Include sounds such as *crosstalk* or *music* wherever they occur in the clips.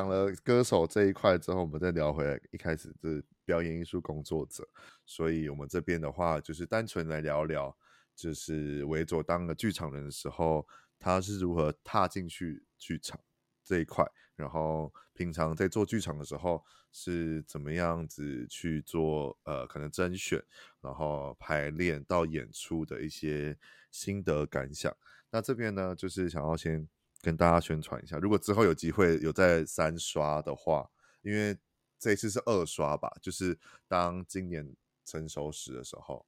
講了歌手這一塊之後，我們再聊回來。一開始是表演藝術工作者，所以我們這邊的話就是單純來聊聊，就是維佐當個劇場人的時候，他是如何踏進去劇場這一塊，然後平常在做劇場的時候是怎麼樣子去做，呃，可能甄選、然後排練到演出的一些心得感想。那這邊呢，就是想要先。跟大家宣傳一下，如果之後有機會有再三刷的話，因為這一次是二刷吧，就是當今年成熟時的時候，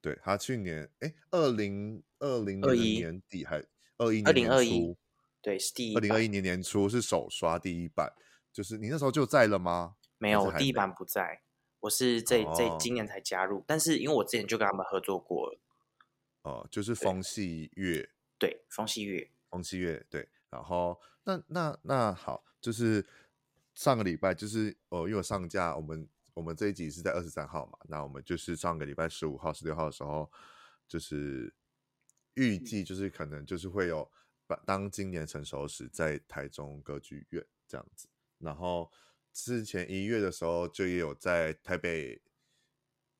對，他去年哎，二零二零年的年底還二一，二零二一，2021, 對，是第一，二零二一年年初是首刷第一版，就是你那時候就在了嗎？沒有，還還沒第一版不在，我是這這今年才加入、哦，但是因為我之前就跟他們合作過了，哦、呃，就是風細月，對，風細月。風七月對，然後那那那好，就是上個禮拜就是哦，因為我上架我們我們這一集是在二十三號嘛，那我們就是上個禮拜十五號、十六號的時候，就是預計就是可能就是會有當今年成熟時在台中歌劇院這樣子，然後之前一月的時候就也有在台北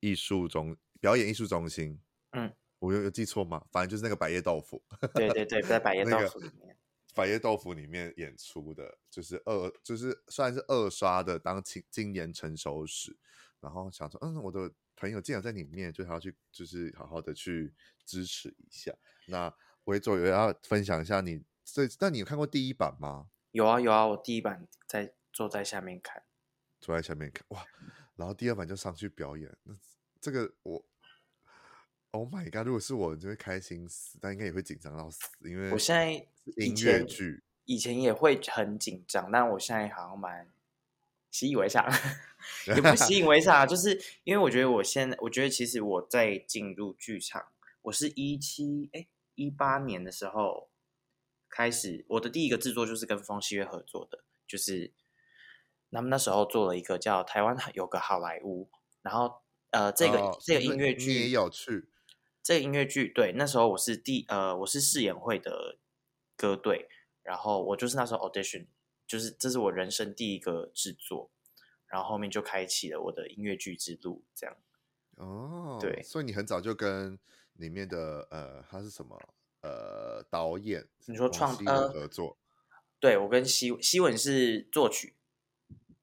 藝術中表演藝術中心，嗯。我有有記錯嗎？反正就是那個百葉豆腐。對對對，在百葉豆腐裡 *laughs* 面、那個，百葉豆腐裡面演出的，就是二，就是算是二刷的，當青青年成熟時，然後想說，嗯，我的朋友竟然在裡面，就想要去，就是好好的去支持一下。那我也做，也要分享一下你。所以，那你有看過第一版嗎？有啊有啊，我第一版在坐在下面看，坐在下面看哇，然後第二版就上去表演。那這個我。Oh my god！如果是我，就會開心死，但應該也會緊張到死。因為我現在音樂劇以前也會很緊張，但我現在好像蠻習以為常， *laughs* 也不習以為常，就是因為我覺得，我現在我覺得其實我在進入劇場，我是一七哎一八年的時候開始我的第一個製作，就是跟瘋戲樂合作的，就是他們那時候做了一個叫台灣有個好萊塢，然後呃，這個、哦、這個音樂劇也有趣。這個音樂劇對，那時候我是第呃，我是試演會的歌隊，然後我就是那時候 audition，就是這是我人生第一個制作，然後後面就開啟了我的音樂劇之路，這樣。哦，對，所以你很早就跟裡面的呃，他是什麼呃，導演？你說創呃合作？對，我跟希希文是作曲，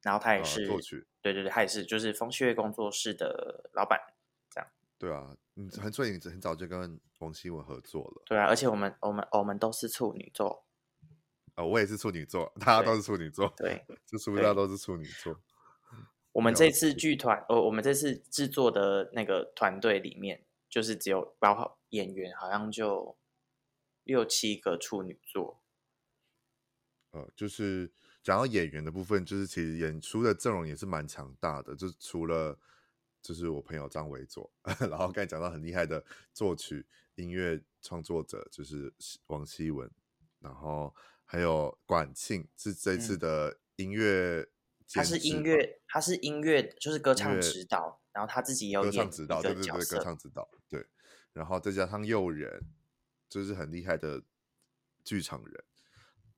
然後他也是、呃、作曲，對對對，他也是就是瘋戲樂工作室的老板。對啊，嗯，黃翠玲很早就跟王希文合作了。對啊，而且我們、我們、哦、我們都是處女座，啊、哦，我也是處女座，大家都是處女座，對，對就是大家都是處女座。 *laughs* 我們這次劇團，呃，我們這次制作的那個團隊裡面，就是只有包括演員，好像就六七個處女座。呃，就是講到演員的部分，就是其實演出的陣容也是蠻強大的，就是除了。就是我朋友張維佐，然後剛才講到很厲害的作曲音樂創作者，就是王希文，然後還有管慶是這次的音樂、嗯，他是音樂、呃，他是音樂，就是歌唱指導，然後他自己也有演歌唱指導，對，對對，歌唱指導對，然後再加上誘人，就是很厲害的劇場人，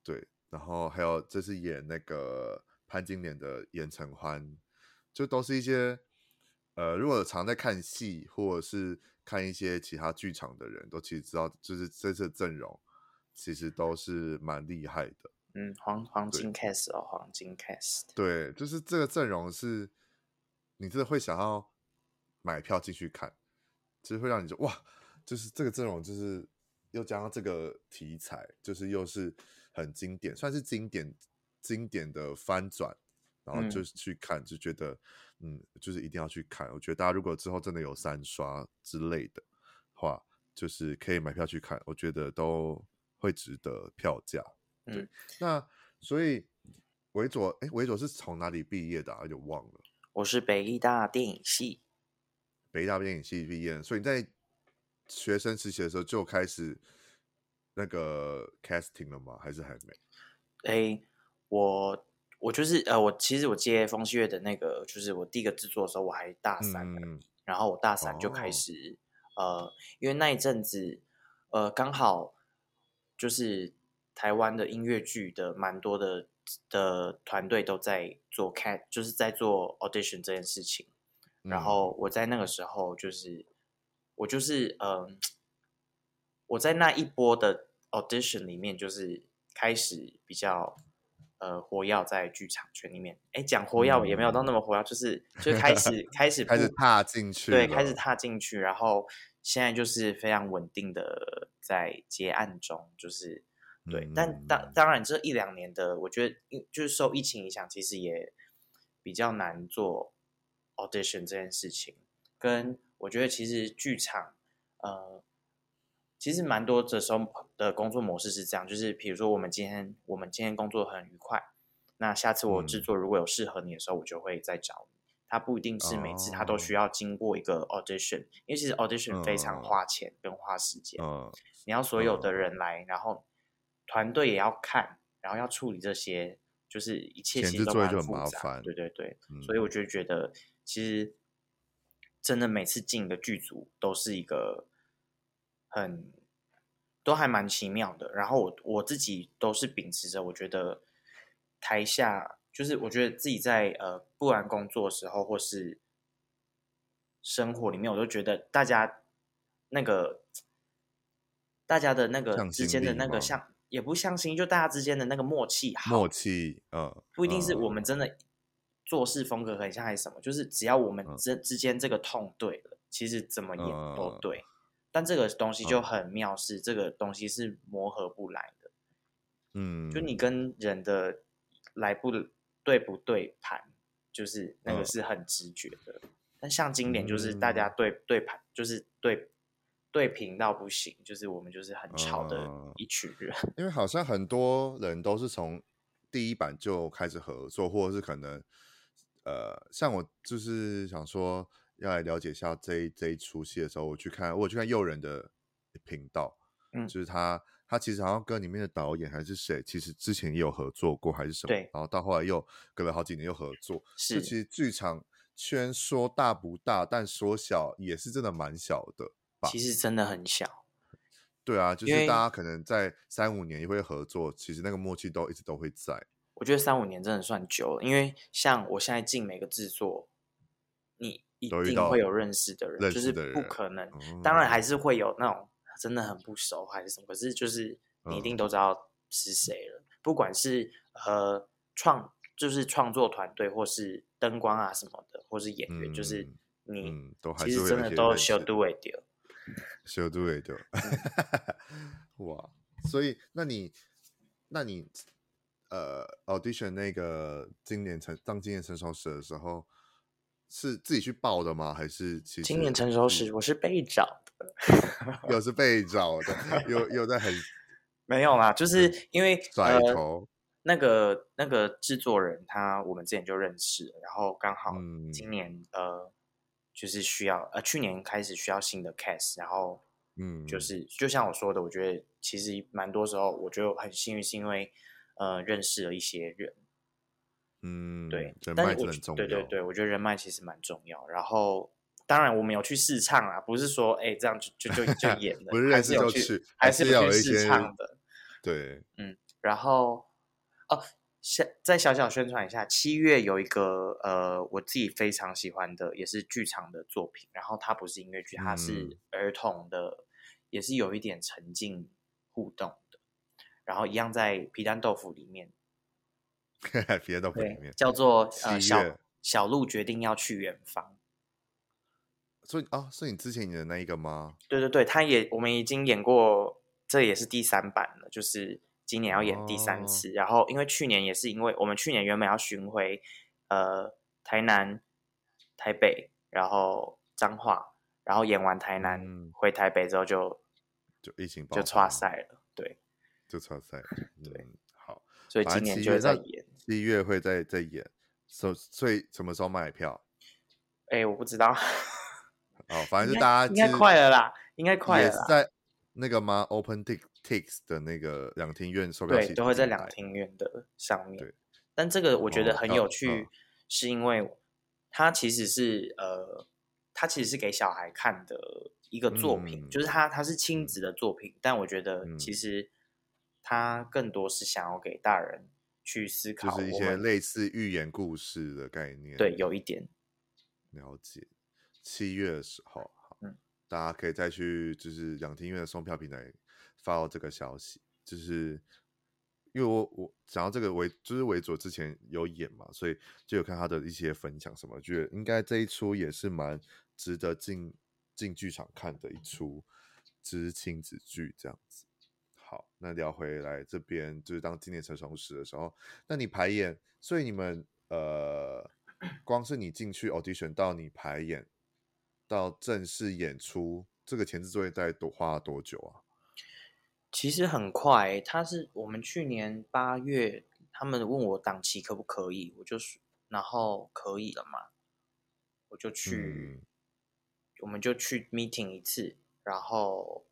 對，然後還有這是演那個潘金蓮的嚴承歡，就都是一些。呃，如果常在看戲，或者是看一些其他劇場的人，都其實知道，就是這次陣容其實都是蠻厲害的。嗯，黃黃金 cast 哦，黃金 cast。對，就是這個陣容是，你真的會想要買票進去看，其實會讓你覺得哇，就是這個陣容，就是又加上這個題材，就是又是很經典，算是經典經典的翻轉。然後就是去看，嗯，就覺得，嗯，就是一定要去看。我覺得大家如果之後真的有三刷之類的話，就是可以買票去看。我覺得都會值得票價。嗯，對。那所以維佐，哎，維佐是從哪裡畢業的？啊，有點忘了。我是北藝大電影系，北藝大電影系畢業，所以你在學生時期的時候就開始那個 casting 了嗎？還是還沒？哎，我。我就是呃，我其實我接風信月的那個，就是我第一個制作的時候，我還大三，嗯，然後我大三就開始，哦，呃，因為那一陣子，呃，剛好就是台灣的音樂劇的蠻多的的團隊都在做開，就是在做 audition 這件事情。嗯，然後我在那個時候，就是我就是嗯，呃，我在那一波的 audition 裡面，就是開始比較。呃，活躍在劇場圈裡面，哎，講活躍也沒有到那麼活躍，嗯，就是就是、開始 *laughs* 開始開始踏進去，對，開始踏進去，然後現在就是非常穩定的在接案中，就是對，嗯、但當當然這一兩年的，我覺得就是受疫情影響，其實也比較難做 audition 這件事情，跟我覺得其實劇場呃。其實蠻多的時候的工作模式是這樣，就是比如說我們今天我們今天工作很愉快，那下次我制作如果有適合你的時候，我就會再找你。他不一定是每次他都需要經過一個 audition，哦，因為其實 audition 非常花錢跟花時間，哦，你要所有的人來，哦，然後團隊也要看，然後要處理這些，就是一切其實都蠻複雜。前置作業就很麻煩，對對對，嗯，所以我就覺得其實真的每次進一個劇組都是一個。很都還蠻奇妙的，然後我我自己都是秉持着，我覺得台下就是我覺得自己在呃，不然工作的時候或是生活裡面，我都覺得大家那個大家的那個之間的那個像，像像也不相信就大家之間的那個默契，默契，嗯、哦，不一定是我們真的做事風格很像、哦、還是什麼，就是只要我們之、哦、之間這個 tone 對了，其實怎麼演都對。哦。但這個東西就很妙，是、哦、這個東西是磨合不來的，嗯，就你跟人的來不對不對盤，就是那個是很直覺的。哦、但像今年就是大家對、嗯、對盤，就是對對頻道不行，就是我們就是很吵的一群人、哦。因為好像很多人都是從第一版就開始合作，或者是可能，呃，像我就是想說。要來了解一下這一這一出戲的時候，我去看我去看誘人的頻道，嗯，就是他他其實好像跟裡面的導演還是誰，其實之前也有合作過，還是什麼，對。然後到後來又隔了好幾年又合作，是。其實劇場圈說大不大，但說小也是真的蠻小的吧。其實真的很小，對啊，就是大家可能在三五年也會合作，其實那個默契都一直都會在。我覺得三五年真的算久了，因為像我現在進每個製作，你。一定會有認識，人認識的人，就是不可能。嗯、當然還是會有那種真的很不熟還是什麼，嗯，可是就是你一定都知道是誰了，嗯。不管是呃創，就是創作團隊，或是燈光啊什麼的，或是演員，嗯、就是你、嗯、都還是其實真的都 should do it，do it。哇，所以那你那你呃，audition 那個今年成當今年成熟時的時候。是自己去報的嗎？還是其實今年成熟時、嗯、我是被找的。又是被找的很，又又在很沒有啦，就是因為頭呃那個那個製作人他我們之前就認識，然後剛好今年、嗯、呃就是需要呃去年開始需要新的 cast，然後嗯就是嗯就像我說的，我覺得其實蠻多時候我就很幸運是因為呃認識了一些人。嗯，對，人脈是很重要。對對對，我覺得人脈其實蠻重要。然後，當然我們有去試唱啊，不是說哎、欸、這樣就就就，就演了， *laughs* 不是，還是有去，還是有，還是不去試唱的。對，嗯，然後哦，再小小宣傳一下，七月有一個呃，我自己非常喜歡的，也是劇場的作品。然後它不是音樂劇，它是兒童的，嗯、也是有一點沉浸互動的。然後一樣在皮蛋豆腐裡面。別的歌裡面叫做，呃、小小鹿決定要去遠方。所以啊、哦，所以你之前演的那一個嗎？對對對，他也，我們已經演過，這也是第三版了，就是今年要演第三次。哦、然後因為去年也是因為我們去年原本要巡迴，呃，台南、台北，然後彰化，然後演完台南、嗯、回台北之後就就疫情爆發就差賽了，對，就差賽、嗯，對、嗯，好，所以今年就會再演。嗯十月會在在演，所所以，什麼時候買票？哎、欸，我不知道。 *laughs* 哦，反正是大家是應該快了啦，應該快了。在那個嗎？Open Tik Tik's 的那個兩廳院售票器，對，就會在兩廳院的上面。對，但這個我覺得很有趣，是因為它其實是、哦哦、呃，它其實是給小孩看的一個作品，嗯、就是他他是親子的作品、嗯，但我覺得其實他更多是想要給大人。去思考，就是一些類似寓言故事的概念。對，有一點了解。七月的時候，嗯，大家可以再去就是兩廳院的送票平台發到這個消息。就是因為我我講到這個維，就是維佐之前有演嘛，所以就有看他的一些分享，什麼覺得就應該這一出也是蠻值得進進劇場看的一出知青子劇這樣子。好，那聊回來這邊，就是當今年成熟時的時候，那你排演，所以你們呃，光是你進去 audition 到你排演到正式演出，這個前置作業再多花了多久啊？其實很快，他是我們去年八月，他們問我檔期可不可以，我就說然後可以了嘛，我就去，嗯、我們就去 meeting 一次，然後。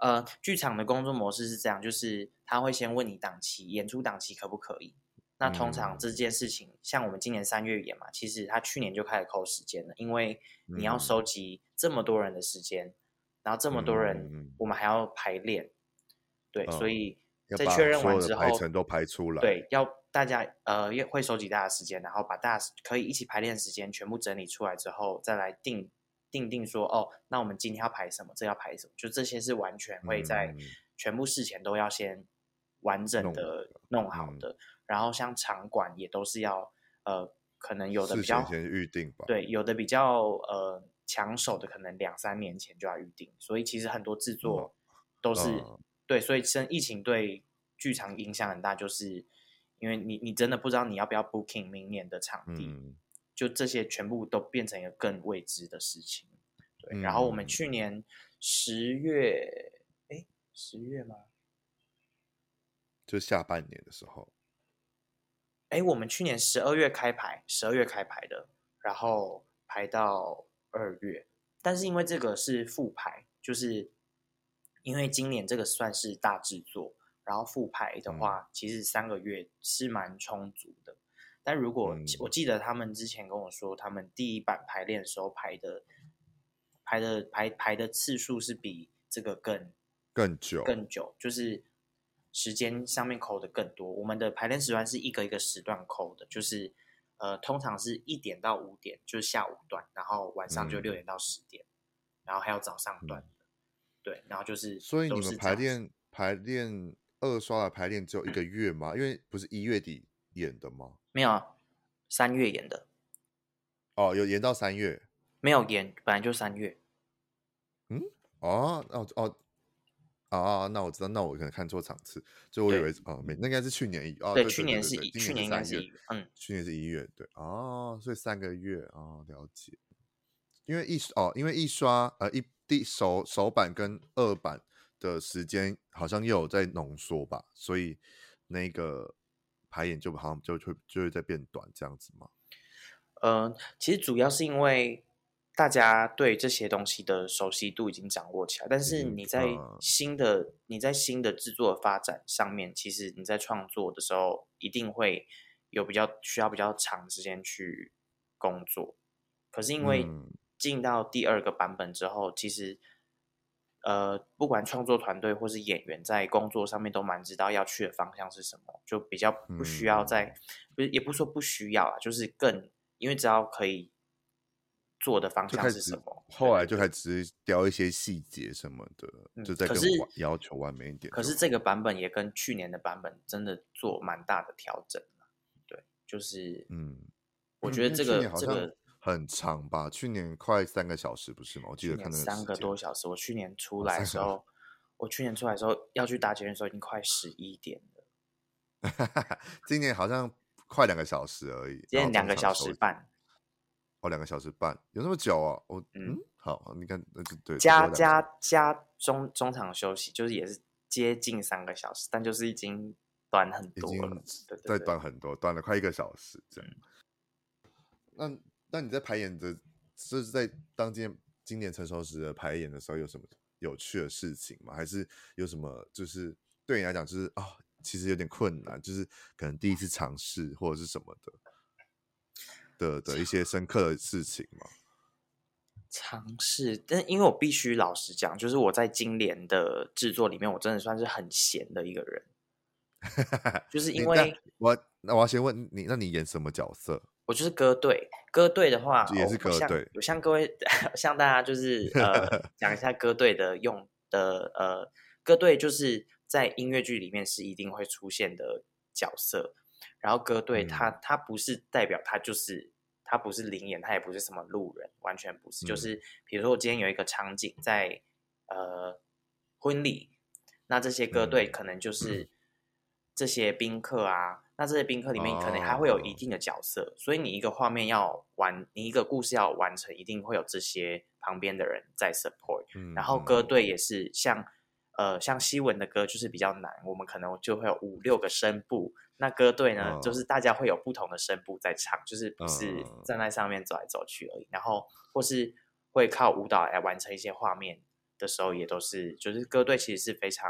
呃，劇場的工作模式是這樣，就是他會先問你檔期，演出檔期可不可以？那通常這件事情、嗯，像我們今年三月演嘛，其實他去年就開始扣時間了，因為你要收集這麼多人的時間，嗯、然後這麼多人，我們還要排練，嗯、對、嗯，所以在確認完之後，排程都排出來，對，要大家呃，會收集大家的時間，然後把大家可以一起排練的時間全部整理出來之後，再來定。定定說哦，那我們今天要排什麼？這個、要排什麼？就這些是完全會在全部事前都要先完整的弄好的。嗯嗯、然後像場館也都是要呃，可能有的比較事前預定吧。對，有的比較呃搶手的，可能兩三年前就要預定。所以其實很多製作都是、嗯哦嗯、對，所以疫情對劇場影響很大，就是因為你你真的不知道你要不要 booking 明年的場地。嗯就這些全部都變成一個更未知的事情，對。然後我們去年十月，哎、嗯，欸、十月嗎？就下半年的時候。哎、欸，我們去年十二月開排，十二月開排的，然後排到二月。但是因為這個是復排，就是因為今年這個算是大製作，然後復排的話，嗯、其實三個月是蠻充足的。但如果、嗯、我記得他們之前跟我說，他們第一版排練的時候排的排的排排的次數是比這個更更久更久，就是時間上面扣的更多。我們的排練時段是一個一個時段扣的，就是、呃、通常是一點到五點就是下午段，然後晚上就六點到十點、嗯，然後還有早上段、嗯、對，然後就是所以你們排練排練二刷的排練只有一個月嗎、嗯？因為不是一月底。演的嗎？沒有啊，三月演的。哦，有演到三月？沒有演，本來就三月。嗯，哦，哦哦，哦，啊、哦哦哦，那我知道，那我可能看錯場次，就我以為哦，沒，那應該是去年哦，對，對，對，對，對，去年是一，年是去年應該是一，嗯，去年是一月，對，哦，所以三個月哦，了解。因為一哦，因為一刷呃一第手手版跟二版的時間好像又有在濃縮吧，所以那個。排演就好像就會就會在變短這樣子嗎？嗯、呃，其實主要是因為大家對這些東西的熟悉度已經掌握起來，但是你在新的 *noise* 你在新的制作的發展上面，其實你在創作的時候，一定會有比較需要比較長時間去工作。可是因為進到第二個版本之後，嗯、其實。呃，不管創作團隊或是演員，在工作上面都蠻知道要去的方向是什麼，就比較不需要再、嗯，不是也不說不需要啊，就是更因為只要可以做的方向是什麼。後來就開始雕一些細節什麼的，嗯、就再跟要求完美一點可，可是這個版本也跟去年的版本真的做蠻大的調整，對，就是嗯，我覺得這個因為因為這個。很長吧，去年快三個小時不是嗎？我記得可能三個多小時。我去年出來的時候，啊、我去年出來的時候 *laughs* 要去搭車的時候已經快十一點了。 *laughs* 今年好像快兩個小時而已。今年兩,兩個小時半，哦，兩個小時半，有這麼久啊？我嗯，嗯，好，你看那就對。加多多加加中中場休息，就是也是接近三個小時，但就是已經短很多了，對對，短很多對對對，短了快一個小時這樣。嗯、那。那你在排演的，就是在當今年今年成熟時的排演的時候，有什麼有趣的事情嗎？還是有什麼就是對你來講，就是啊、哦，其實有點困難，就是可能第一次嘗試或者是什麼的的的一些深刻的事情嗎？嘗試，但因為我必須老實講，就是我在今年的制作裡面，我真的算是很閒的一個人， *laughs* 就是因為我那我那我要先問你，那你演什麼角色？我就是歌隊。歌隊的話，也是歌隊。我、哦、向各位、向大家，就是 *laughs* 呃，講一下歌隊的用的呃，歌隊就是在音樂劇裡面是一定會出現的角色。然後歌隊它、嗯，它他不是代表它就是它不是臨演，它也不是什麼路人，完全不是。嗯、就是比如說，我今天有一個場景在呃婚禮，那這些歌隊可能就是這些賓客啊。嗯嗯那這些賓客裡面可能還會有一定的角色，oh, uh, 所以你一個畫面要完，你一個故事要完成，一定會有這些旁邊的人在 support。嗯。然後歌隊也是像，像呃像西文的歌就是比較難，我們可能就會有五六個聲部。那歌隊呢，uh, 就是大家會有不同的聲部在唱，就是不是站在上面走來走去而已，然後或是會靠舞蹈來完成一些畫面的時候，也都是就是歌隊其實是非常。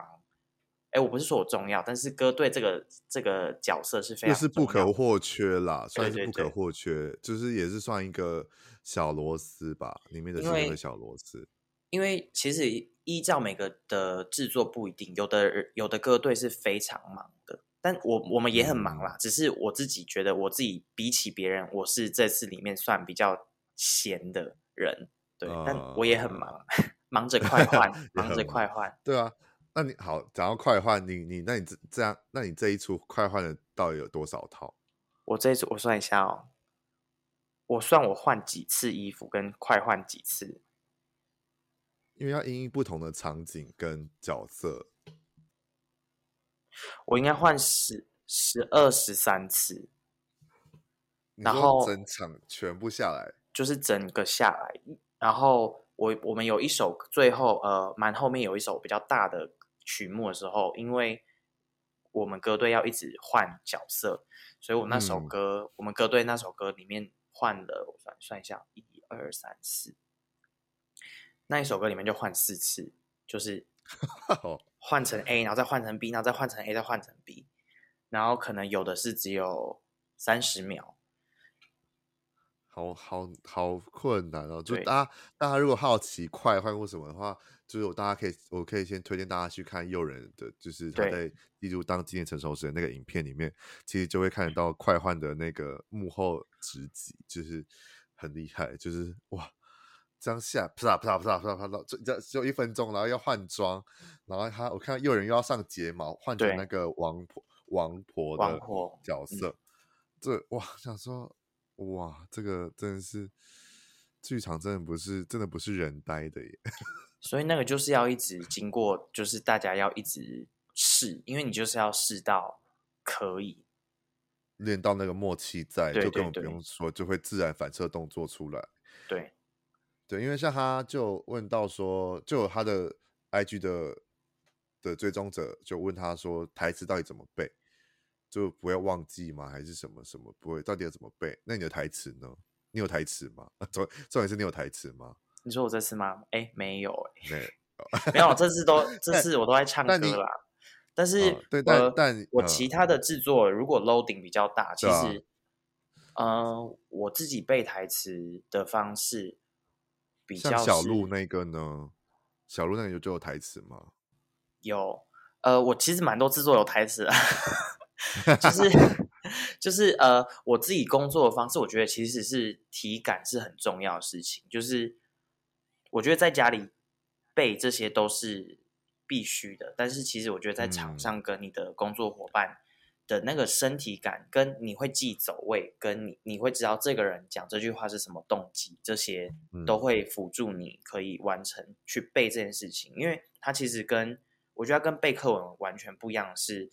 哎，我不是說我重要，但是歌隊這個這個角色是非常是不可或缺啦，對對對對，算是不可或缺，就是也是算一個小螺絲吧，裡面的是一個小螺絲。因為其實依照每個的制作不一定，有的有的歌隊是非常忙的，但我我們也很忙啦、嗯。只是我自己覺得，我自己比起別人，我是這次裡面算比較閒的人，對，嗯、但我也很忙，忙着快換， *laughs* 忙，忙着快換，對啊。那你好，講到快換，你你那你這這樣，那你這一出快換的到底有多少套？我這一出我算一下哦，我算我換幾次衣服跟快換幾次，因為要因應不同的場景跟角色，我應該換十、十二、十三次，然後整場全部下來就是整個下來，然後我我們有一首最後呃，蠻後面有一首比較大的曲目的時候，因為我們歌隊要一直換角色，所以我那首歌、嗯，我們歌隊那首歌裡面換了，我算算一下，一二三四，那一首歌裡面就換四次，就是，換成 A， *laughs* 然後再換成 B，然後再換成 A，再換成 B，然後可能有的是只有三十秒。好好好困難哦！就大家，大家如果好奇快換或什麼的話，就是大家可以，我可以先推薦大家去看誘人的，就是他在例如當金蓮成熟時的那個影片裡面，其實就會看得到快換的那個幕後直擊，就是很厲害，就是哇，這樣下啪嗒啪嗒啪嗒啪嗒啪這這只有一分鐘，然後要換裝，然後他我看誘人又要上睫毛，換成那個王婆王婆的角色，這、嗯、哇想說。哇，這個真的是劇場，真的不是真的不是人呆的耶。所以那個就是要一直經過，就是大家要一直試，因為你就是要試到可以練到那個默契在，在就根本不用說，就會自然反射動作出來。對對，因為像他就問到說，就他的 IG 的的追蹤者就問他說，台詞到底怎麼背？就不要忘記嗎？還是什麼什麼不會？到底要怎麼背？那你的台詞呢？你有台詞嗎？重重點是，你有台詞嗎？你說我這次嗎？哎、欸，沒有、欸，沒有，沒有。這次都這次我都在唱歌啦。但是，但是、啊，對，呃、但、但、呃，我其他的制作如果 loading 比較大，啊、其實，嗯、呃，我自己背台詞的方式比較，小鹿那個呢？小鹿那個有就有台詞嗎？有，呃，我其實蠻多制作有台詞啊 *laughs* *laughs* 就是就是呃，我自己工作的方式，我覺得其實是體感是很重要的事情。就是我覺得在家裡背這些都是必須的，但是其實我覺得在場上跟你的工作夥伴的那個身體感，嗯、跟你會記走位，跟你你會知道這個人講這句話是什麼動機，這些都會輔助你可以完成去背這件事情。因為它其實跟我覺得跟背課文完全不一樣，是。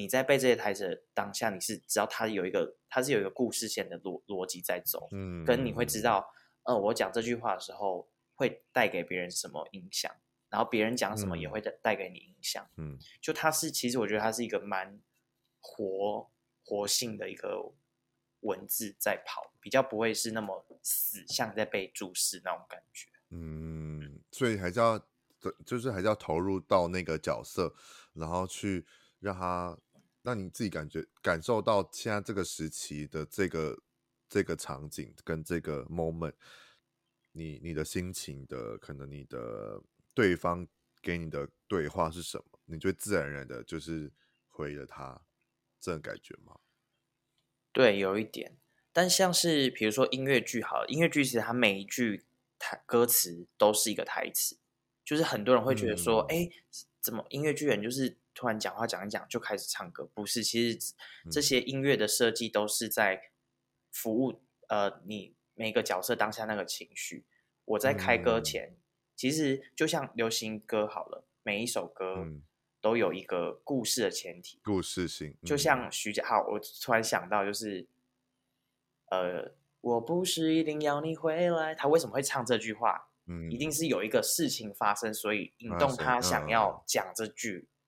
你在背這些台詞當下，你是知道它有一個，它是有一個故事線的邏邏輯在走，嗯，跟你會知道，呃，我講這句話的時候會帶給別人什麼影響，然後別人講什麼也會帶帶給你影響。嗯，嗯，就它是其實我覺得它是一個蠻活活性的一個文字在跑，比較不會是那麼死，像在被注視那種感覺，嗯，所以還是要，就是還是要投入到那個角色，然後去讓他。那你自己感覺感受到現在這個時期的這個這個場景跟這個 moment，你你的心情的，可能你的對方給你的對話是什麼？你就自然而然的就是回了他，這種、個、感覺嗎？對，有一點。但像是比如說音樂劇好了，音樂劇其實它每一句台歌詞都是一個台詞，就是很多人會覺得說，哎、嗯，怎麼音樂劇人就是。突然講話講一講就開始唱歌，不是？其實這些音樂的設計都是在服務、嗯、呃，你每個角色當下那個情緒。我在開歌前、嗯，其實就像流行歌好了，每一首歌都有一個故事的前提，故事性。就像徐佳豪，我突然想到就是，呃，我不是一定要你回來，他為什麼會唱這句話？嗯，一定是有一個事情發生，所以引動他想要講這句。啊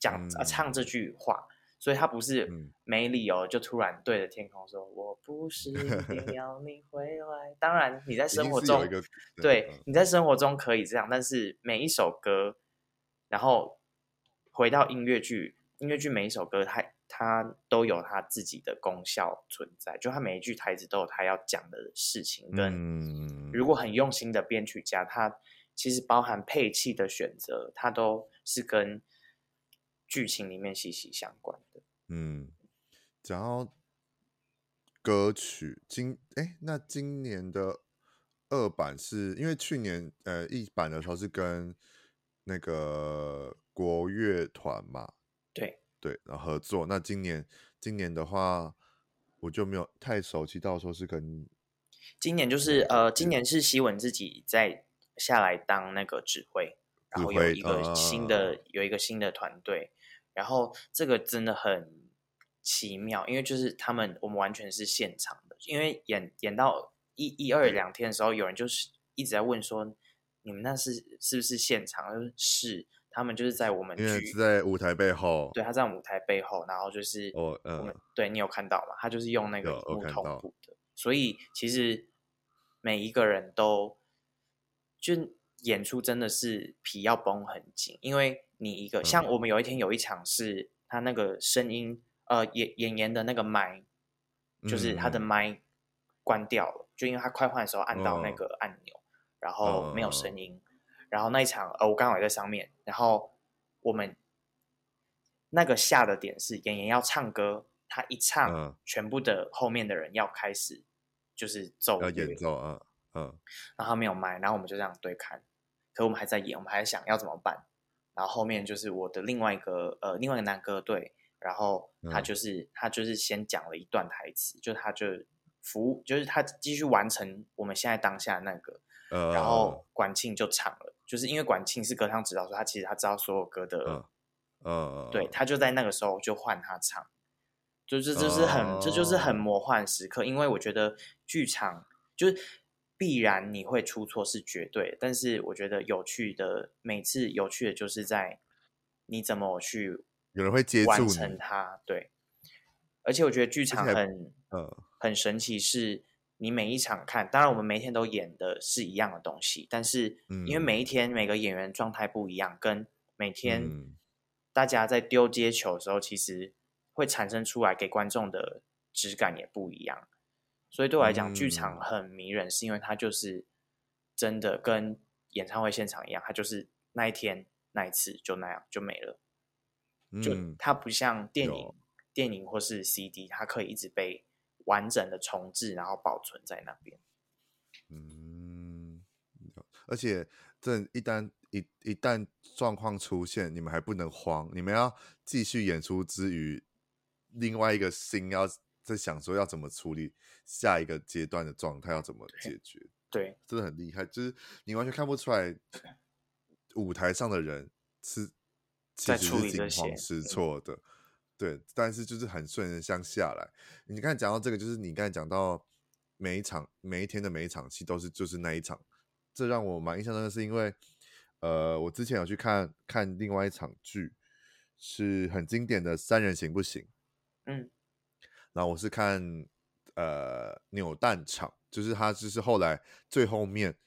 講啊唱這句話，嗯，所以他不是沒理由就突然對着天空說，嗯，我不是一定要你回來。 *laughs* 當然你在生活中，對、嗯，你在生活中可以這樣，但是每一首歌，然後回到音樂劇，音樂劇每一首歌它、它它都有它自己的功效存在。就它每一句台詞都有它要講的事情，跟如果很用心的編曲家，他其實包含配器的選擇，它都是跟。劇情裡面息息相關的，嗯，然後歌曲今誒，那今年的二版是因為去年呃一版的時候是跟那個國樂團嘛，對對，然後合作。那今年今年的話，我就沒有太熟悉，到時候是跟今年就是呃，今年是希文自己在下來當那個指揮，然後有一個新的、呃、有一個新的團隊。然後這個真的很奇妙，因為就是他們，我們完全是現場的。因為演演到一一,一二兩天的時候，嗯、有人就是一直在問說：“你們那是是不是現場？”就是他們就是在我們因為是在舞台背後，對他在舞台背後，然後就是我們，oh, uh, 對你有看到嗎？他就是用那個木同的，所以其實每一個人都就演出真的是皮要繃很緊，因為。你一個像我們有一天有一場是他那個聲音、嗯、呃演，演演員的那個麥、嗯，就是他的麥關掉了、嗯，就因為他快換的時候按到那個按鈕，哦、然後沒有聲音，哦、然後那一場呃我剛好也在上面，然後我們那個下的點是演員要唱歌，他一唱、嗯，全部的後面的人要開始就是奏樂要演奏，啊。嗯，然後他沒有麥，然後我們就這樣對看，可我們還在演，我們還在想要怎麼辦？然後後面就是我的另外一個呃，另外一個男歌隊，然後他就是、嗯、他就是先講了一段台詞，就他就服，就是他繼續完成我們現在當下的那個，呃、然後管慶就唱了，就是因為管慶是歌唱指導，說他其實他知道所有歌的，呃呃、對，他就在那個時候就換他唱，就是就是很這、呃、就、就是很魔幻的時刻，因為我覺得劇場就是。必然你會出錯是絕對，但是我覺得有趣的，每次有趣的就是在你怎麼去，有人會接住你完成它，對。而且我覺得劇場很、哦、很神奇，是你每一場看，當然我們每天都演的是一樣的東西、嗯，但是因為每一天每個演員狀態不一樣，跟每天大家在丟接球的時候，其實會產生出來給觀眾的質感也不一樣。所以對我來講，嗯、劇場很迷人，是因為它就是真的跟演唱會現場一樣，它就是那一天那一次就那樣就沒了，嗯，就它不像電影，電影或是 CD，它可以一直被完整的重製，然後保存在那邊。嗯，而且這一旦一一旦狀況出現，你們還不能慌，你們要繼續演出之餘，另外一個心要，在想說要怎麼處理下一個階段的狀態，要怎麼解決對？對，真的很厲害，就是你完全看不出來舞台上的人是在處理，其實是驚慌失措的對，對。但是就是很順的向下來。你看，講到這個，就是你剛才講到每一場、每一天的每一場戲都是就是那一場，這讓我蠻印象深的是，因為呃，我之前有去看看另外一場劇，是很經典的《三人行不行》？嗯。然後我是看，呃，扭蛋場，就是他，就是後來最後面，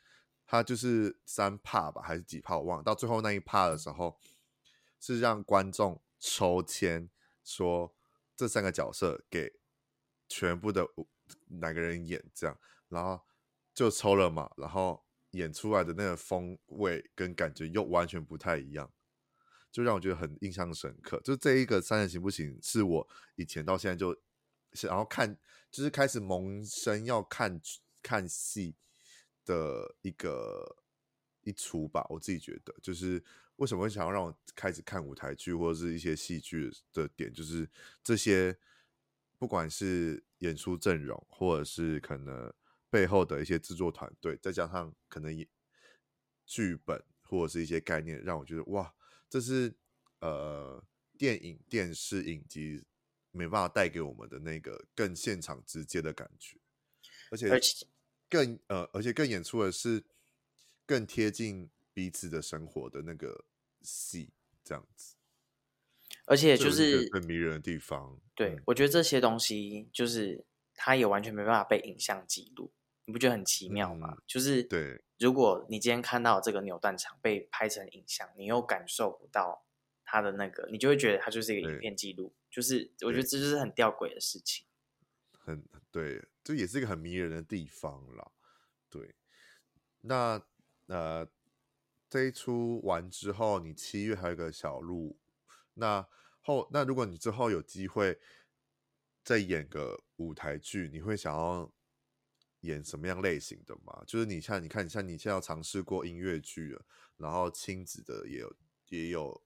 他就是三 part 吧，還是幾 part，我忘。到最後那一 part 的時候，是讓觀眾抽籤，說這三個角色給全部的哪個人演這樣，然後就抽了嘛，然後演出來的那個風味跟感覺又完全不太一樣，就讓我覺得很印象深刻。就這一個三人行不行？是我以前到現在就。然後看，就是開始萌生要看看戲的一個一出吧。我自己覺得，就是為什麼會想要讓我開始看舞台劇或者是一些戲劇的點，就是這些不管是演出陣容，或者是可能背後的一些制作團隊，再加上可能劇本或者是一些概念，讓我覺得哇，這是呃電影、電視、影集。沒辦法帶給我們的那個更現場直接的感覺，而且更而且呃，而且更演出的是更貼近彼此的生活的那個戲，這樣子。而且就是很迷人的地方對。對，我覺得這些東西就是它也完全沒辦法被影像記錄，你不覺得很奇妙嗎？嗯，就是對，如果你今天看到這個扭斷場被拍成影像，你又感受不到。他的那個，你就會覺得他就是一個影片記錄，就是我覺得這就是很吊詭的事情。很對，這也是一個很迷人的地方啦。對，那呃這一出完之後，你七月還有個小路。那後那如果你之後有機會再演個舞台劇，你會想要演什麼樣類型的嗎？就是你像你看，像你像你現在嘗試過音樂劇，然後親子的也有，也有。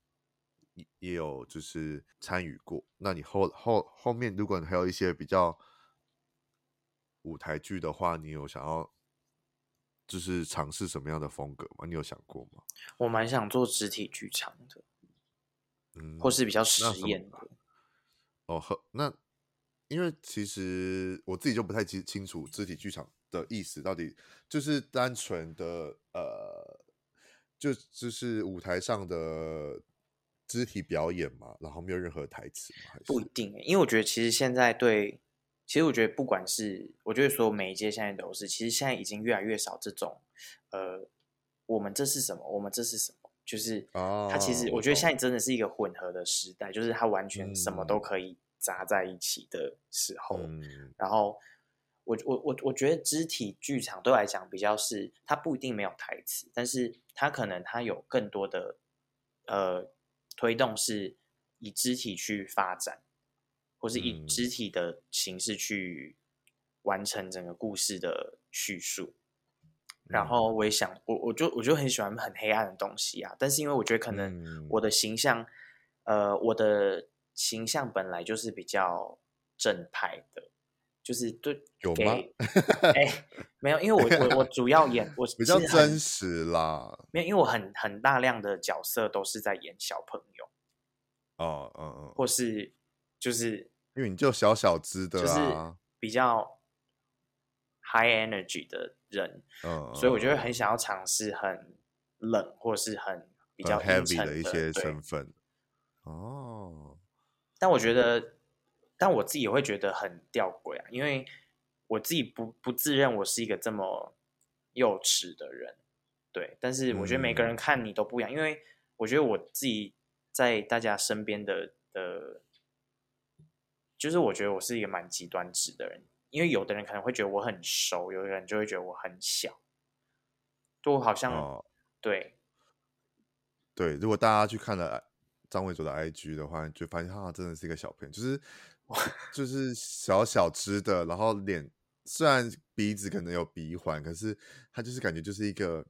也也有就是參與過，那你後後後面如果你還有一些比較舞台劇的話，你有想要就是嘗試什麼樣的風格嗎？你有想過嗎？我蠻想做肢體劇場的，嗯、哦，或是比較實驗的。哦，呵，那因為其實我自己就不太清清楚肢體劇場的意思到底，就是單純的呃，就就是舞台上的。肢體表演嘛，然後沒有任何台詞嗎？不一定、欸，因為我覺得其實現在對，其實我覺得不管是我覺得說每一屆現在都是，其實現在已經越來越少這種，呃，我們這是什麼？我們這是什麼？就是哦，他其實、啊、我覺得現在真的是一個混合的時代，就是它完全什麼都可以砸在一起的時候。嗯、然後我我我我覺得肢體劇場對我來講比較是，它不一定沒有台詞，但是它可能它有更多的呃。推動是以肢體去發展，或是以肢體的形式去完成整個故事的敘述。嗯、然後我也想，我我就我就很喜歡很黑暗的東西啊。但是因為我覺得可能我的形象，嗯、呃，我的形象本來就是比較正派的。就是對，有嗎、 *laughs* 欸？沒有，因為我我我主要演我 *laughs* 是比較真實啦。沒有，因為我很很大量的角色都是在演小朋友。哦哦哦，或是就是，因為你就小小隻的、啊就是比較 high energy 的人，uh, uh, uh, uh. 所以我就會很想要嘗試很冷或是很比較的很 heavy 的一些身份。哦，oh. 但我覺得。Oh. 但我自己也會覺得很吊詭啊，因為我自己不不自認我是一個這麼幼稚的人，對。但是我覺得每個人看你都不一樣，嗯、因為我覺得我自己在大家身邊的的，就是我覺得我是一個蠻極端值的人，因為有的人可能會覺得我很熟，有的人就會覺得我很小，就好像、哦、對對。如果大家去看了張維佐的 IG 的話，就發現他真的是一個小朋友，就是。 *laughs* 就是小小只的，然後臉雖然鼻子可能有鼻環，可是他就是感覺就是一個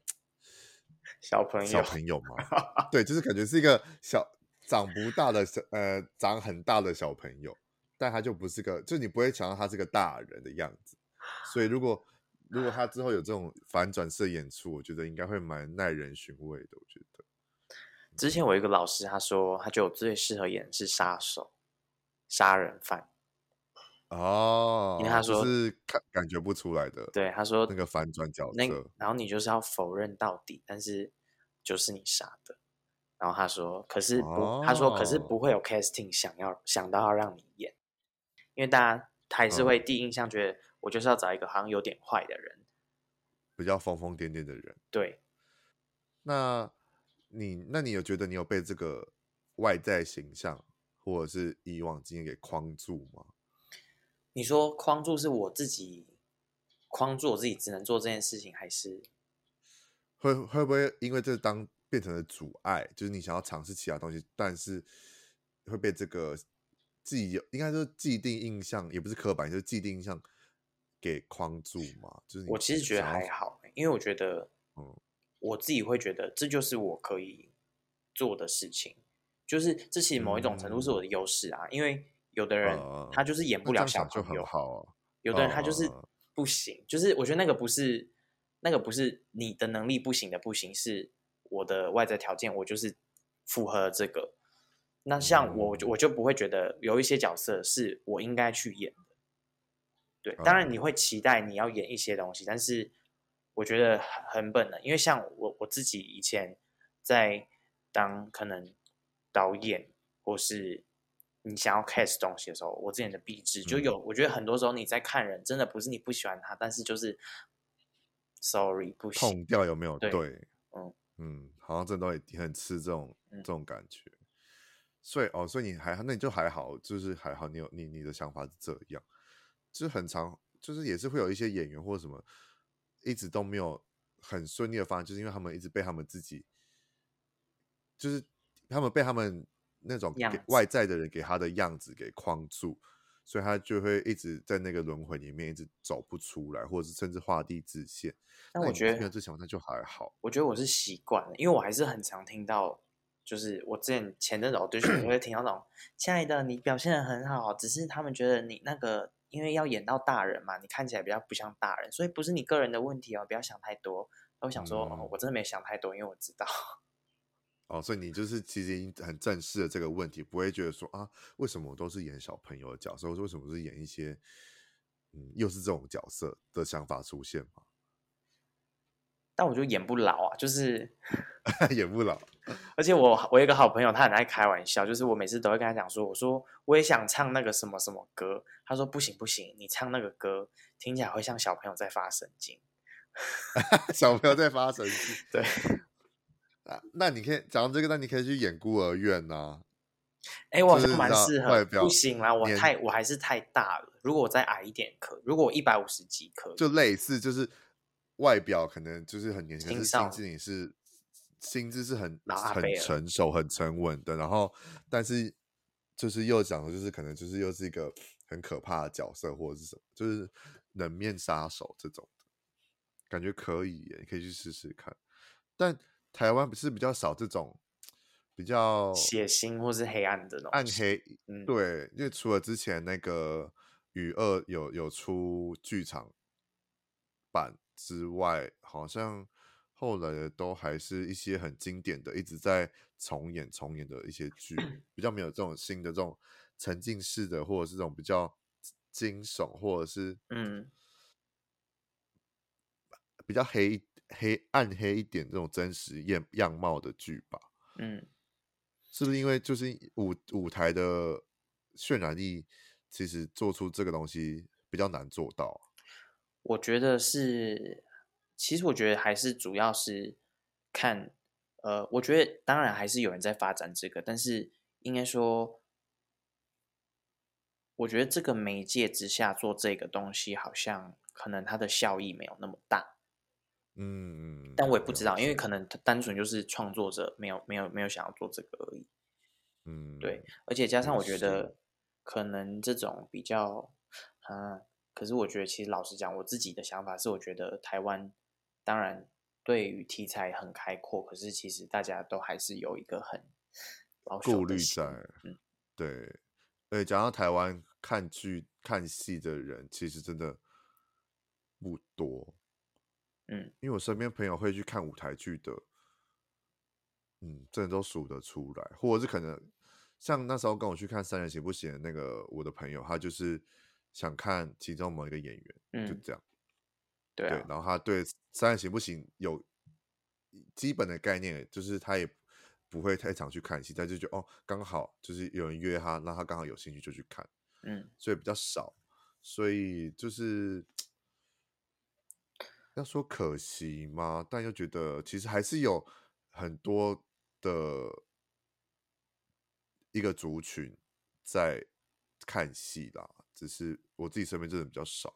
小朋友，小朋友嘛， *laughs* 對，就是感覺是一個小長不大的，呃，長很大的小朋友，但他就不是個，就你不會想到他是個大人的樣子。所以如果如果他之後有這種反轉式演出，我覺得應該會蠻耐人尋味的，我覺得。之前我一個老師他說，他覺得我最適合演的是殺手。殺人犯，哦、oh，因為他說他就是感感覺不出來的。對，他說那個反轉角色，然後你就是要否認到底，但是就是你殺的。然後他說，可是不，oh. 他說可是不會有 casting 想要想到要讓你演，因為大家他還是會第一印象覺得、嗯、我就是要找一個好像有點壞的人，比較瘋瘋癲癲的人。對，那你那你有覺得你有被這個外在形象？或者是以往經驗給框住嗎？你說框住是我自己框住我自己，只能做這件事情，還是會會不會因為這當變成了阻礙？就是你想要嘗試其他東西，但是會被這個自己有應該說既定印象，也不是刻板，就是既定印象給框住嗎？就是我其實覺得還好，因為我覺得，嗯，我自己會覺得這就是我可以做的事情。就是這其實某一種程度是我的優勢啊，因為有的人他就是演不了小朋友，有的人他就是不行。就是我覺得那個不是，那個不是你的能力不行的不行，是我的外在條件，我就是符合這個。那像我我就不會覺得有一些角色是我應該去演的。對，當然你會期待你要演一些東西，但是我覺得很很本能，因為像我我自己以前在當可能。導演，或是你想要 cast 東西的時候，我之前的壁紙就有、嗯。我覺得很多時候你在看人、嗯，真的不是你不喜歡他，但是就是 sorry 不喜，痛掉有沒有？對，對嗯嗯，好像真的很吃這種、嗯、這種感覺。所以哦，所以你還那你就還好，就是還好你，你有你你的想法是這樣。就是很常，就是也是會有一些演員或什麼，一直都沒有很順利的發展，就是因為他們一直被他們自己就是。他們被他們那種給外在的人給他的樣子給框住，所以他就會一直在那個輪回裡面，一直走不出來，或者是甚至畫地自限。那我覺得最起碼那就還好。我覺得我是習慣了，因為我還是很常聽到，就是我之前前陣子 *coughs* 我就聽到那種“親愛的，你表現得很好，只是他們覺得你那個因為要演到大人嘛，你看起來比較不像大人，所以不是你個人的問題哦，不要想太多。”我想說、嗯，哦，我真的沒想太多，因為我知道。哦，所以你就是其實很正視了這個問題，不會覺得說啊，為什麼我都是演小朋友的角色，或者為什麼是演一些嗯，又是這種角色的想法出現嗎？但我就演不老啊，就是 *laughs* 演不老。而且我我有一個好朋友，他很愛開玩笑，就是我每次都會跟他講說，我說我也想唱那個什麼什麼歌，他說不行不行，你唱那個歌聽起來會像小朋友在發神經， *laughs* *laughs* 小朋友在發神經， *laughs* 對。啊、那你可以講到這個，那你可以去演孤兒怨吶。哎、欸，我蠻適合、就是像外表，不行啦，我太我還是太大了。如果我再矮一點可，如果我一百五十幾可，就類似就是外表可能就是很年輕，但是心智你是心智是很很成熟、很沉穩的。然後，但是就是又講的就是可能就是又是一個很可怕的角色，或者是什麼，就是冷面殺手這種的感覺可以耶，你可以去試試看，但。台灣不是比較少這種比較血腥或是黑暗的，暗黑。對，因為除了之前那個《與惡》有有出劇場版之外，好像後來都還是一些很經典的，一直在重演重演的一些劇，比較沒有這種新的這種沉浸式的，或者是這種比較驚悚或者是嗯比較黑。黑暗黑一點這種真實樣樣貌的劇吧，嗯，是不是因為就是舞舞台的渲染力？其實做出這個東西比較難做到啊。我覺得是，其實我覺得還是主要是看，呃，我覺得當然還是有人在發展這個，但是應該說，我覺得這個媒介之下做這個東西，好像可能它的效益沒有那麼大。嗯嗯，但我也不知道、嗯，因為可能他單純就是創作者、嗯、沒有沒有沒有想要做這個而已。嗯，對，而且加上我覺得，可能這種比較、嗯，啊，可是我覺得其實老實講，我自己的想法是，我覺得台灣當然對於題材很開闊，可是其實大家都還是有一個很顧慮在。嗯，對，對、欸，講到台灣看劇看戲的人，其實真的不多。嗯，因為我身邊朋友會去看舞台劇的，嗯，這都數得出來。或者是可能像那時候跟我去看《三人行不行》那個我的朋友，他就是想看其中某一個演員，嗯、就這樣。對啊。對。然後他對《三人行不行》有基本的概念，就是他也不會太常去看戲，他就覺得哦，剛好就是有人約他，那他剛好有興趣就去看。嗯。所以比較少，所以就是。要說可惜嗎？但又覺得其實還是有很多的一個族群在看戲啦，只是我自己身邊真的比較少。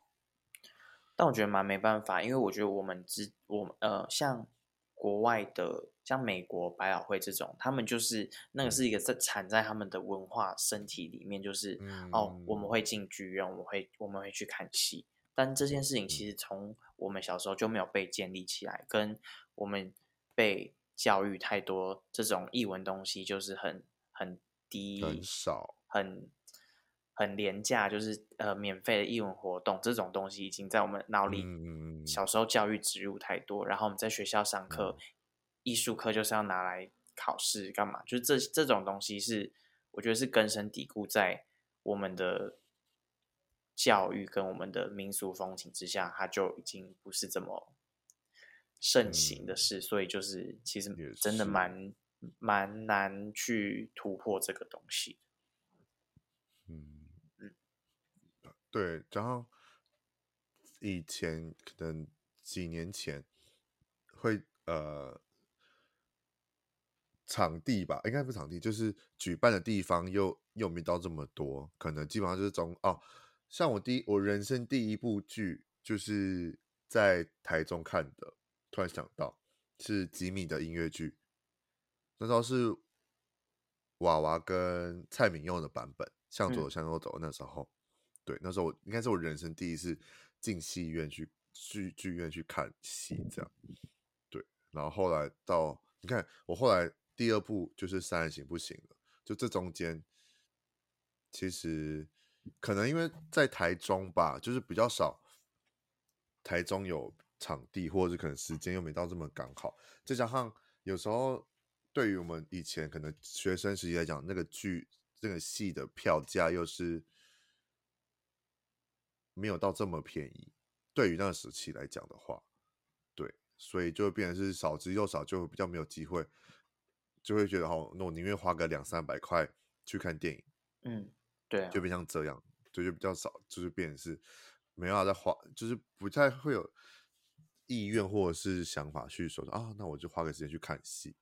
但我覺得蠻沒辦法，因為我覺得我們之我呃，像國外的，像美國百老匯這種，他們就是那個是一個在產在他們的文化身體裡面，就是、嗯、哦，我們會進劇院，我們會我們會去看戲。但這件事情其實從我們小時候就沒有被建立起來，跟我們被教育太多這種藝文東西，就是很很低、很少、很很廉價，就是呃免費的藝文活動這種東西，已經在我們腦裡、嗯、小時候教育植入太多。然後我們在學校上課，嗯、藝術課就是要拿來考試幹嘛？就是這這種東西是我覺得是根深蒂固在我們的。教育跟我們的民俗風情之下，它就已經不是這麼盛行的事，嗯、所以就是其實真的蠻蠻難去突破這個東西。嗯嗯，對，然後以前可能幾年前會呃場地吧，應該不是場地，就是舉辦的地方又又沒到這麼多，可能基本上就是從哦。像我第一我人生第一部劇就是在台中看的，突然想到是幾米的音樂劇，那時候是娃娃跟蔡旻佑的版本，《向左向右走》。那時候、嗯，對，那時候我應該是我人生第一次進戲院去去劇，劇院去看戲，這樣。對，然後後來到你看我後來第二部就是《三人行不行》了，就這中間其實。可能因為在台中吧，就是比較少。台中有場地，或者是可能時間又沒到這麼剛好，再加上有時候對於我們以前可能學生時期來講，那個劇、那個戲的票價又是沒有到這麼便宜。對於那個時期來講的話，對，所以就變成是少之又少，就比較沒有機會，就會覺得好，那我寧願花個兩三百塊去看電影，嗯。對、啊，就變成這樣，就就比較少，就是變成是，沒辦法再花，就是不太會有意願或者是想法去說啊，那我就花個時間去看戲，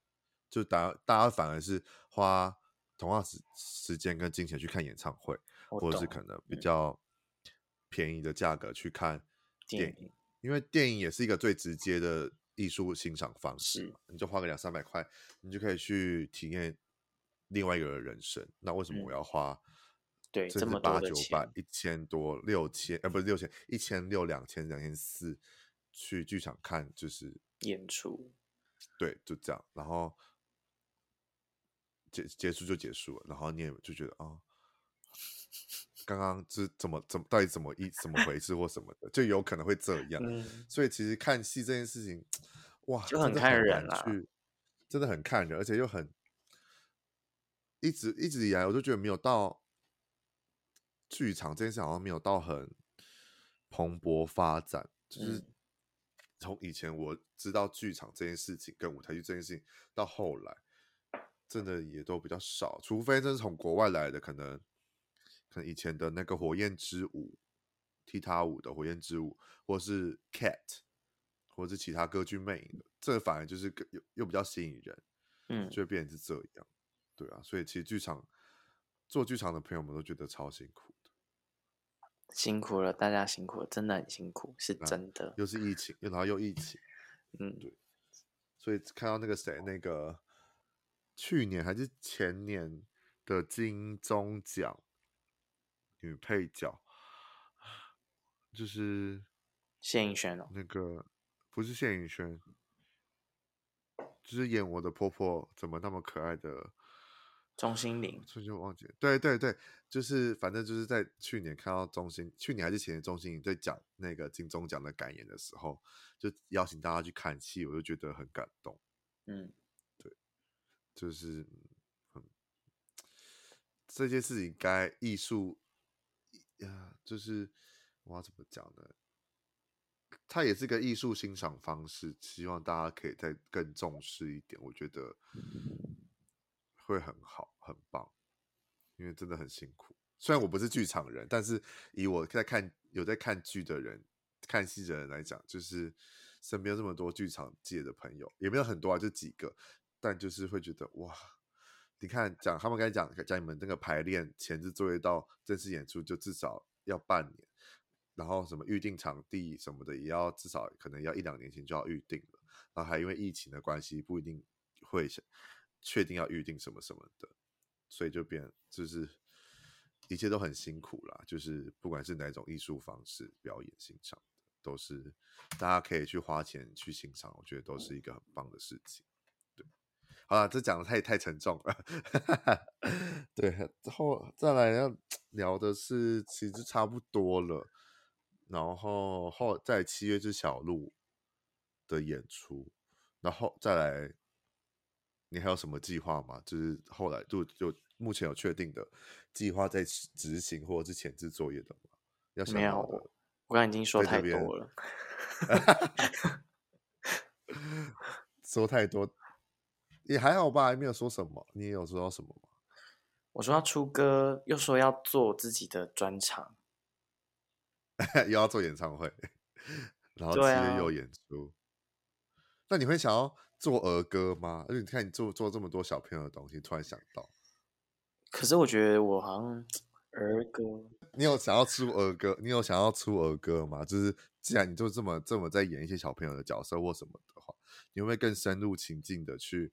就大家大家反而是花同樣時時間跟金錢去看演唱會，或者是可能比較便宜的價格去看電影、嗯，因為電影也是一個最直接的藝術欣賞方式嘛，你就花個兩三百塊，你就可以去體驗另外一個人的人生，那為什麼我要花、嗯？真是 8, 這是八九百，一千多，六千，呃，不是六千，一千六，兩千，兩千四，去劇場看就是演出，對，就這樣，然後結結束就結束了，然後你也就覺得啊、哦，剛剛是怎麼怎麼，到底怎麼一怎麼回事或什麼的， *laughs* 就有可能會這樣、嗯，所以其實看戲這件事情，哇，就很看人啊，真的很看人，而且又很一直一直以來我都覺得沒有到。劇場這件事好像沒有到很蓬勃發展，就是從以前我知道劇場這件事情跟舞台劇這件事情到後來，真的也都比較少，除非真是從國外來的，可能可能以前的那個火焰之舞，踢踏舞的火焰之舞，或是 Cat，或是其他歌劇魅影的，這個反而就是又又比較吸引人，嗯，就會變成這樣，嗯，對啊，所以其實劇場做劇場的朋友們都覺得超辛苦。辛苦了，大家辛苦了，真的很辛苦，是真的、啊。又是疫情，又然後又疫情，嗯， *laughs* 對。所以看到那個誰，嗯、那個去年還是前年的金鐘獎女配角，就是那個謝盈萱哦，那個不是謝盈萱，就是演我的婆婆怎麼那麼可愛的。鍾欣凌，春、啊、忘記。對對對，就是反正就是在去年看到鍾欣，去年還是前年，鍾欣凌在講那個金鐘獎的感言的時候，就邀請大家去看戲，我就覺得很感動。嗯，對，就是，嗯，這件事情該藝術就是我要怎麼講呢？它也是個藝術欣賞方式，希望大家可以再更重視一點。我覺得。 *laughs* 會很好，很棒，因為真的很辛苦。雖然我不是劇場人，但是以我在看有在看劇的人，看戲的人來講，就是身邊有這麼多劇場界的朋友，也沒有很多啊，就幾個，但就是會覺得哇，你看，講他們剛才講，講你們那個排練、前置作業到正式演出，就至少要半年，然後什麼預定場地什麼的，也要至少可能要一兩年前就要預定了，然後還因為疫情的關係，不一定會想。確定要預定什麼什麼的，所以就變就是一切都很辛苦啦。就是不管是哪種藝術方式表演欣賞，都是大家可以去花錢去欣賞，我覺得都是一個很棒的事情。對，好了，這講的太太沉重了。 *laughs* 對，後再來要聊的是，其實差不多了。然後後在《七月之小鹿》的演出，然後再來。你還有什麼計劃嗎？就是後來就就目前有確定的計劃在執行或者是前置作業的嗎？要想的沒有，我剛已經說太多了，太 *laughs* 說太多也還好吧，還沒有說什麼。你也有說到什麼嗎？我說要出歌，又說要做自己的專場， *laughs* 又要做演唱會，然後七月又演出，啊，那你會想要做兒歌嗎？而且你看，你做做這麼多小朋友的東西，突然想到。可是我覺得我好像兒歌。你有想要出兒歌？你有想要出兒歌嗎？就是既然你做這麼這麼在演一些小朋友的角色或什麼的話，你會不會更深入情境的去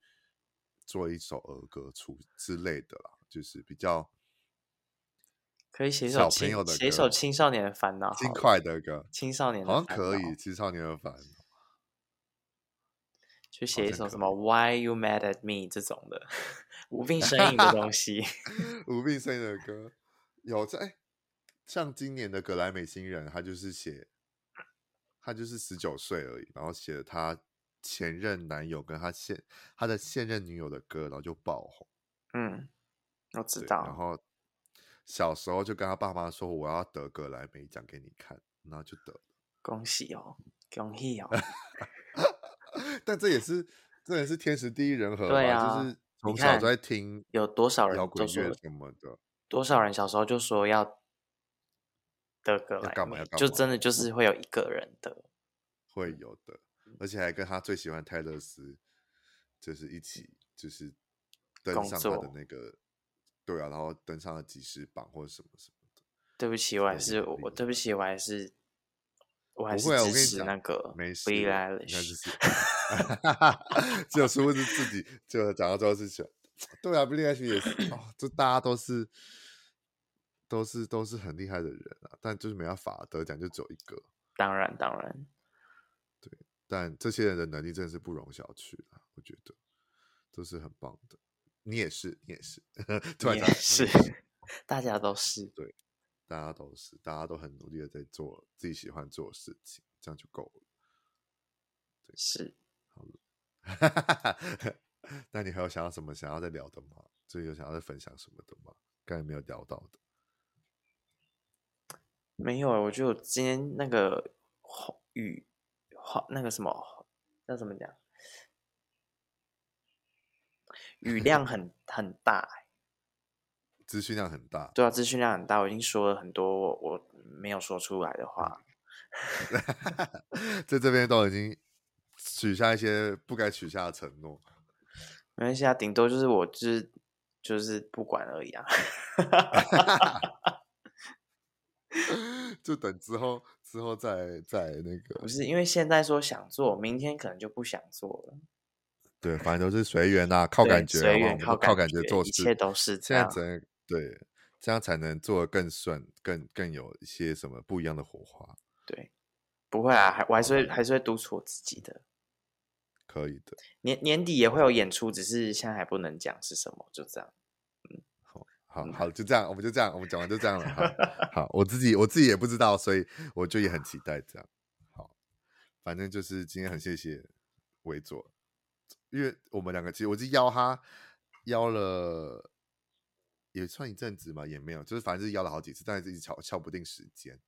做一首兒歌出之類的啦？就是比較可以寫一首小朋友的歌，寫，寫一首青少年的煩惱輕快的歌。青少年的煩惱好像可以，青少年的煩惱。去寫一首什麼 "Why you mad at me" 這種的，哦、真的 *laughs* 無病呻吟的東西。 *laughs* 無病呻吟的歌有在，像今年的格萊美新人，他就是寫，他就是十九歲而已，然後寫了他前任男友跟他現他的現任女友的歌，然後就爆紅。嗯，我知道。然後小時候就跟他爸媽說，我要得格萊美獎給你看，然後就得了。恭喜哦，恭喜哦。 *laughs* 但這也是，這也是天時地利人和，對啊，就是從小在聽，有多少人就說什麼的，多少人小時候就說要得歌來要幹嘛，就真的就是會有一個人的，會有的，而且還跟他最喜歡泰勒絲，就是一起就是登上他的那個，對啊，然後登上了幾十榜或者什麼什麼的。對不起，我還是我，對不起，我還是。不會啊，我跟你講，那個，沒事，回來了，那就是哈哈哈，只有說服自己就是講到這個事情，對啊，不厲害其實也是，哦，就大家都是都是都是很厲害的人啊，但就是沒辦法得獎、啊、就只有一個。當然當然，對，但這些人的能力真的是不容小覷啊，我覺得都是很棒的，你也是你也是，對， *laughs* 是， *laughs* 大家都是對。大家都是，大家都很努力的在做自己喜歡做的事情，這樣就夠了。對，是。好， *laughs* 那你還有想要什麼想要再聊的嗎？就有想要再分享什麼的嗎？剛才沒有聊到的。沒有啊，我就今天那個雨，雨那個什麼，那怎麼講？雨量很很大。 *laughs* 資訊量很大，對啊，資訊量很大，我已經說了很多我我沒有說出來的話， *laughs* 在這邊都已經許下一些不該許下的承諾。沒關係啊，頂多就是我就是就是不管而已啊， *laughs* *laughs* 就等之後之後再再那個，不是因為現在說想做，明天可能就不想做了，對，反正都是隨緣啊，靠感覺，隨緣靠感覺做，一切都是這樣。對，這樣才能做得更順，更更有一些什麼不一樣的火花。對，不會啊，還我還是會、哦、還是會督促我自己的，可以的。年年底也會有演出，嗯，只是現在還不能講是什麼，就這樣。嗯，好，好，好就這樣，我們就這樣，我們講完就這樣了 *laughs* 好，好，我自己我自己也不知道，所以我就也很期待這樣。好，反正就是今天很謝謝維佐，因為我們兩個其實我是邀他邀了。也算一陣子嘛，也沒有，就是反正是邀了好幾次，但是一直敲敲不定時間，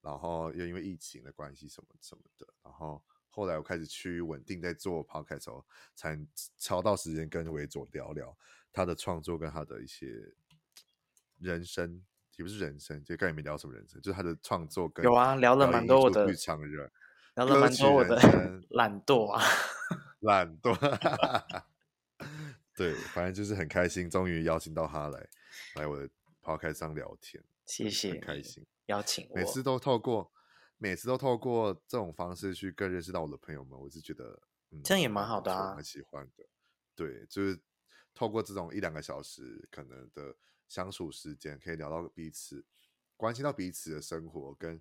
然後又因為疫情的關係什麼什麼的，然後後來我開始趨於穩定，在做 Podcast 後，才敲到時間跟維佐聊聊他的創作跟他的一些人生，也不是人生，就根也沒聊什麼人生，就是他的創作跟有啊，聊了蠻多我的日常熱，聊了蠻多我的懶惰啊， *laughs* 懶惰， *laughs* 對，反正就是很開心，終於邀請到他來。來，我的 Podcast 上聊天，謝謝，很開心邀請我，每次都透過，每次都透過這種方式去更認識到我的朋友們，我是覺得，嗯，這樣也蠻好的啊，蠻喜歡的，對，就是透過這種一兩個小時可能的相處時間，可以聊到彼此，關心到彼此的生活跟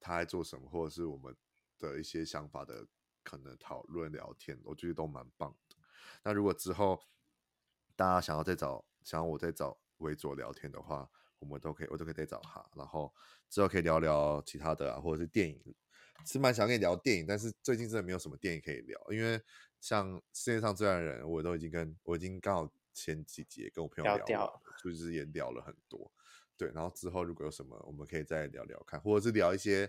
他在做什麼，或者是我們的一些想法的可能討論聊天，我覺得都蠻棒的。那如果之後大家想要再找，想要我再找。維佐聊天的話，我們都可以，我都可以再找他，然後之後可以聊聊其他的啊，或者是電影，是蠻想跟你聊電影，但是最近真的沒有什麼電影可以聊，因為像世界上這樣的人，我都已經跟我已經剛好前幾集也跟我朋友聊，聊就是也聊了很多，對，然後之後如果有什麼，我們可以再聊聊看，或者是聊一些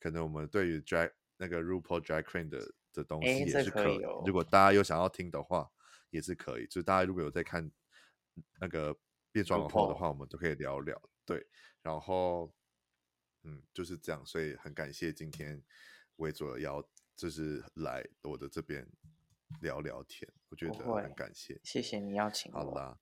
可能我們對於 Drag 那個 RuPaul Drag Race 的的東西也是可、以可以、哦，如果大家有想要聽的話也是可以，就是大家如果有在看那個。變裝的的話我們就可以聊聊。No. 對，然後，嗯，就是這樣。所以很感謝今天維佐邀，就是來我的這邊聊聊天，我覺得很感謝。謝謝你邀請我。好啦，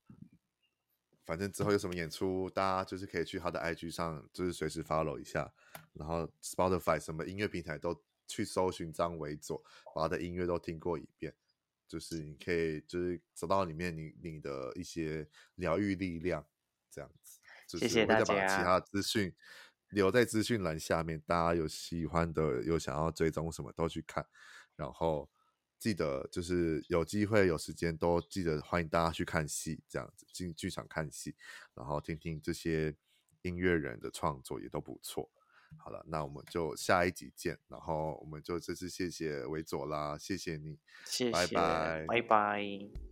反正之後有什麼演出，大家就是可以去他的 IG 上，就是隨時 follow 一下。然後 Spotify 什麼音樂平台都去搜尋張維佐，把他的音樂都聽過一遍。就是你可以，就是走到裡面你你的一些療癒力量，這樣子。謝謝大家。就是，我會再把其他資訊留在資訊欄下面，大家有喜歡的，有想要追蹤什麼都去看。然後記得，就是有機會有時間都記得歡迎大家去看戲，這樣子進劇場看戲，然後聽聽這些音樂人的創作也都不錯。好了，那我們就下一集見。然後我們就這次謝謝維佐啦，謝謝你，謝謝，拜拜，拜拜。